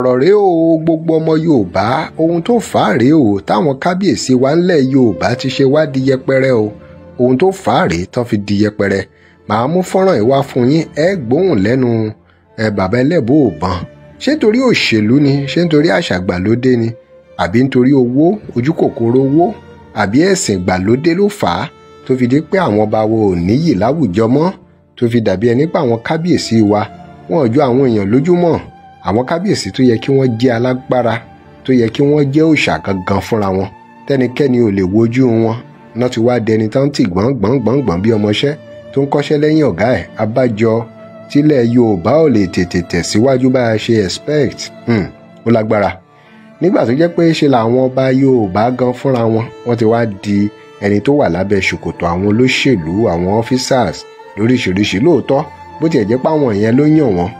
ọ̀rọ̀ rèé o gbogbo ọmọ yorùbá ohun tó fà á rèé o táwọn kábíyèsí wa ńlẹ̀ yorùbá ti ṣe wá di yẹpẹrẹ o ohun tó fà á rèé tán fi di yẹpẹrẹ màá mú fọ́nrán ìwá fún yín ẹ gbóhùn lẹ́nu ẹ bàbá ẹlẹ́bùú òbọ̀n ṣé nítorí òṣèlú ni ṣé nítorí àṣà gbàlódé ni àbí nítorí owó ojú kòkòrò owó àbí ẹ̀sìn gbàlódé ló fà á tó fi dé pé àwọn ọba wo ò níyì láwùjọ mọ́ tó fi dàbí ẹni pé àwọn kábíyèsí wa wọn ò jọ àwọn èèyàn lójúmọ́ àwọn kábíyèsí tó yẹ kí wọ́n jẹ́ alágbára tó yẹ kí wọ́n jẹ́ òòṣà gangan fúnra wọn tẹ́nikẹ́ni ò lè wojú wọn náà ti wá dẹni tán tì gbọ̀ngbọ̀ngbọ̀ngbọ̀n bí ọmọṣẹ́ tó ń kọ́ṣẹ́ lẹ́yìn ọ̀gá ẹ̀ abájọ tílẹ̀ Yorùbá ò lè tètè tẹ̀síwájú bá a ṣe expect hmm, ó lágbára nígbà tó jẹ́ pé ṣe làwọn ọba Yorùbá gan fúnra wọn wọ́n ti wá di ẹni tó wà lábẹ́ ṣòkòtò àwọn olóṣèlú àwọn officers lóríṣiríṣi lóòótọ́ bó tiẹ̀ jẹ́ pé àwọn ìyẹn ló yàn wọ́n